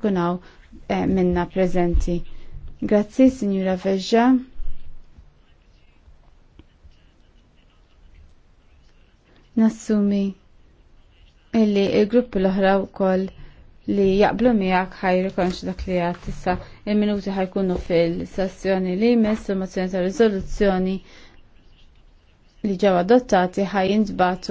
kunaw eh, minna prezenti. Grazzi, Signora Veġġa. Nassumi illi il-gruppi l-oħra wkoll li jaqblu miegħek ħaj rikonx dak li għad issa il-minuti ħajkunu fil-sessjoni li jmiss u mozzjoni ta' rizoluzzjoni li ġew adottati ħaj jintbatu